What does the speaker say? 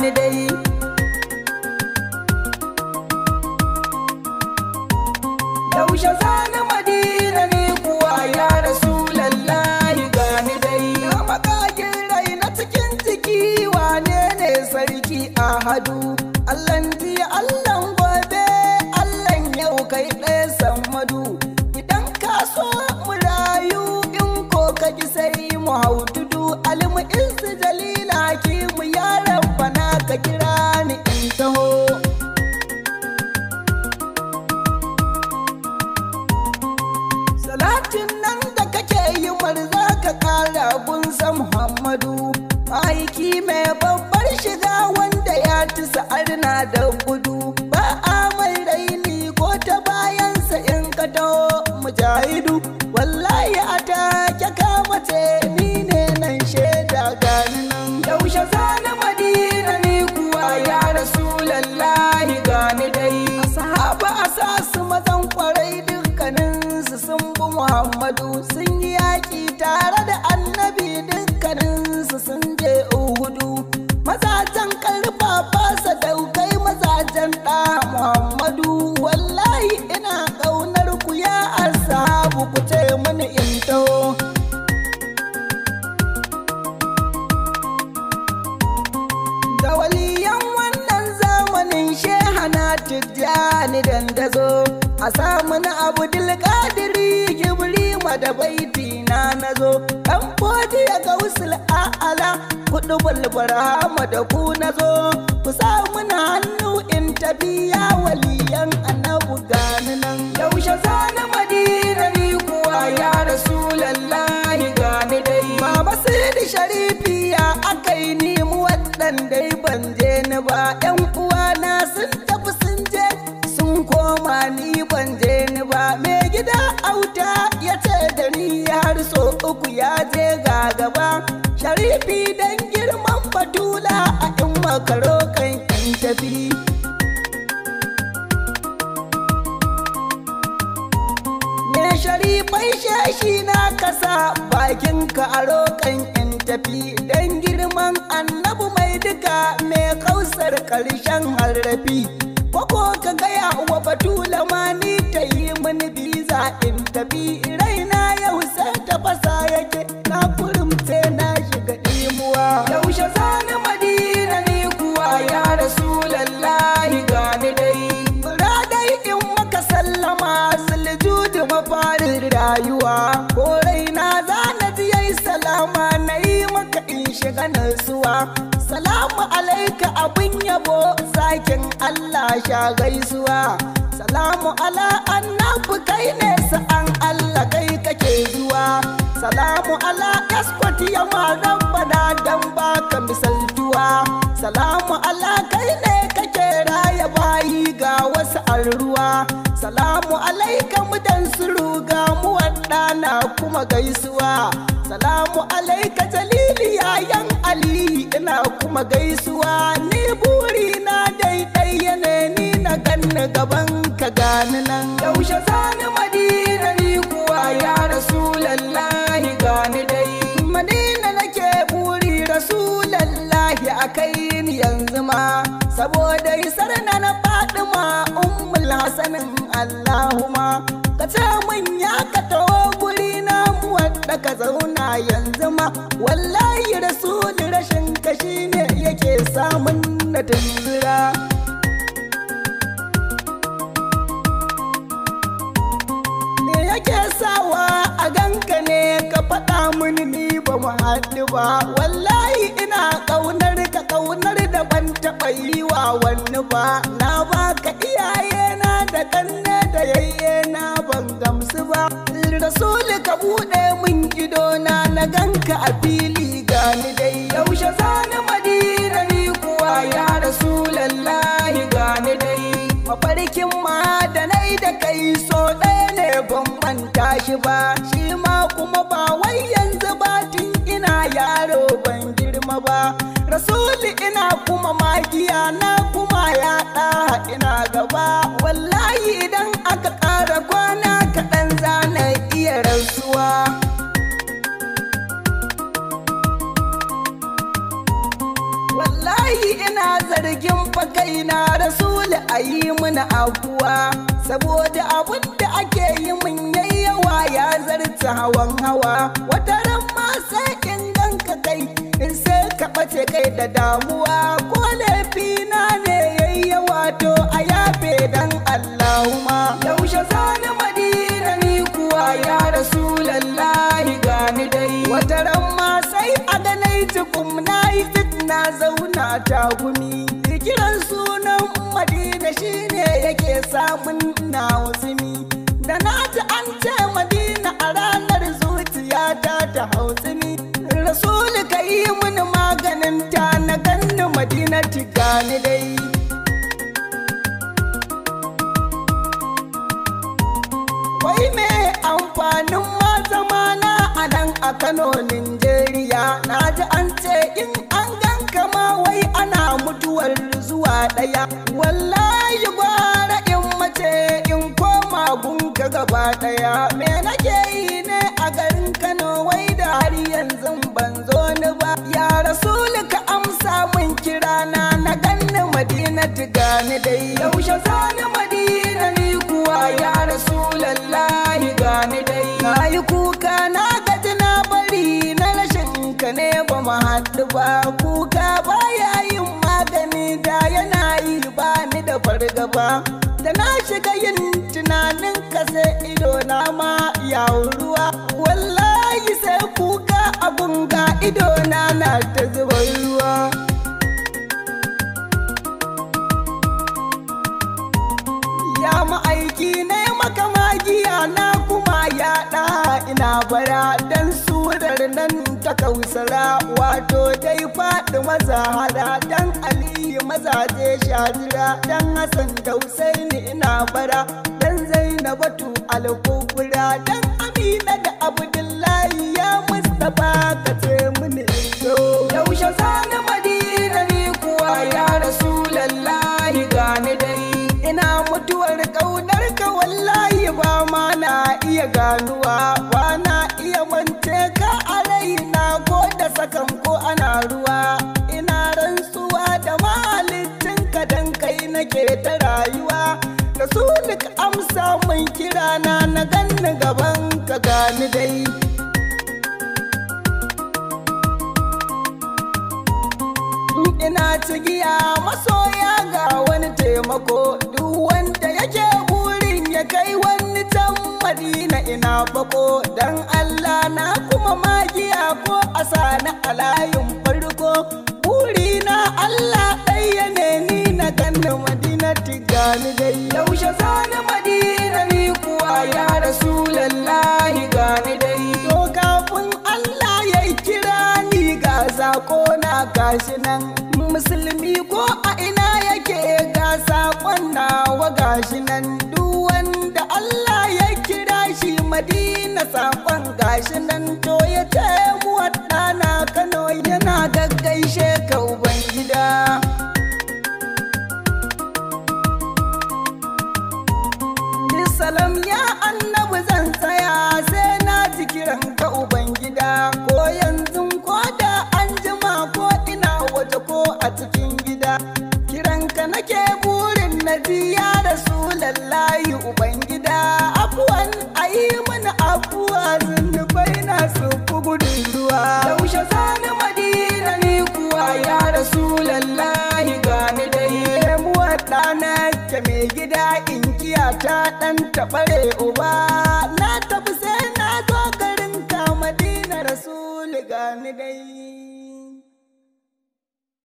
ni dai yaushe zani madina ne kuwa ya rasu lallahi gani dai a makakin rai na cikin ciki wane ne sarki ahadu allan ya allah mai babbar shiga wanda ya ci sa'arna da gudu ba a mai raini ko ta bayansa in ka mujahidu dandazo a samun abdul kadiri jibri da baiti na nazo dan fodi ya usul a'ala kudu da ku nazo ku na hannu in tafiya waliyan annabu gani nan yaushe zana madina ni kuwa ya rasulallahi gani dai baba sidi sharifi ya akai ni mu dai. ban je ni ba yan ba mai gida auta ya ce da ni har so uku ya je ga gaba sharifi dan girman Fatula a in makaro kan 'yan tafi me sharifai shashi na kasa bakin ka a rokan in tafi dan girman annabu mai duka mai kausar karshen harrafi ko ka gaya wa batula mani ta yi mini biza in tafi raina yau sai ta fasa yake na kurumce na shiga imuwa yaushe zani madina ni kuwa ya rasulallahi gani dai dai in maka sallama zuljudu mafarin rayuwa ko raina zana ji yayi salama na yi maka in shiga nasuwa salamu alaika abin yabo zakin Allah sha gaisuwa salamu ala annabi kai ne an Allah kai kake zuwa salamu ala kaskwati ya ma rabbana dan baka misaltuwa salamu ala kai ne kake raya bayi ga wasu ruwa salamu alaika mudan suru ga mu na kuma gaisuwa salamu alaika jalili yayan ali ina kuma gaisuwa gaban ka gani nan yaushe sani madina ni kuwa ya rasulallahi gani dai madina nake buri rasulallahi a kai ni yanzu ma saboda isar na na fadima ummul hasanin allahuma ka ce min ya ka taho guri na wadda ka zauna yanzu ma wallahi rasul rashin ka shine yake samun na tunzura faɗa mini ni ba mu haɗu ba wallahi ina ƙaunar ka ƙaunar da ban taɓa yi wa wani ba na baka iyaye na da kanne da yayye na ban gamsu ba rasulu ka buɗe min gidona na ganka a fili gani dai yaushe zani madina ni kuwa ya rasulallahi gani dai mafarkin ma da nai da kai so ɗaya ne ban manta shi ba magiya na kuma ya ɗa ina gaba wallahi idan aka ƙara kwana kaɗan zana iya rantsuwa. wallahi ina zargin fakai na rasulu a yi abuwa saboda abin da ake yi min yayi yawa ya zarta hawan hawa wata ran ma sai taba ce kai da damuwa ko laifi na ne yayya wato a yafe dan Allahuma. Yaushe Zane madina ni kuwa ya rasulallahi gani dai. Wata ma sai a ganai tukum na yi fitna zauna ta gumi. Kiran sunan madina shine yake samun na Da na ji an ce madina a ranar zuciya ta ta hauzumi. Rasulu ka yi mini maganin ta na ganni madina gani dai wai me amfanin ma zamana a nan a kano Nijeriya? na ji an ce in an ganka ma wai ana mutuwar zuwa ɗaya ni dai yaushe zani madina ni kuwa ya rasulallahi gani dai na kuka na gaji na bari na rashin ka ne ba mu haɗu ba kuka ba yin magani da yana yi ba ni da fargaba da na shiga yin tunanin ka sai ido na ma ya ruwa wallahi sai kuka abun ga ido na na ta zubar ruwa ciki ne maka magiya na kuma yaɗa ina bara dan surar nan ta kausara wato dai faɗi hada dan aliyu mazaje shadira dan hassan da husaini ina bara dan zainabatu alkubura dan amina da abdullahi ana ruwa ina rantsuwa da ka dan kai nake ta rayuwa da su duk amsa mun kira na na ganni gaban ka gani dai ina ci giya masoya ga wani taimako duk wanda yake wurin ya kai wani can madina ina bako dan allah na na a layin farko buri na Allah ɗaya ne ni na ganna madina tigani dai yaushe zani madina ni kuwa ya rasulallahi gani dai to kafin Allah ya kira ni ga sako na gashi nan musulmi ko a ina yake ga sakon nawa gashi nan duk wanda Allah ya kira shi madina sakon gashi nan to ya ce nan ta bare uba na tafi sai na zo garin ka madina rasul ni dai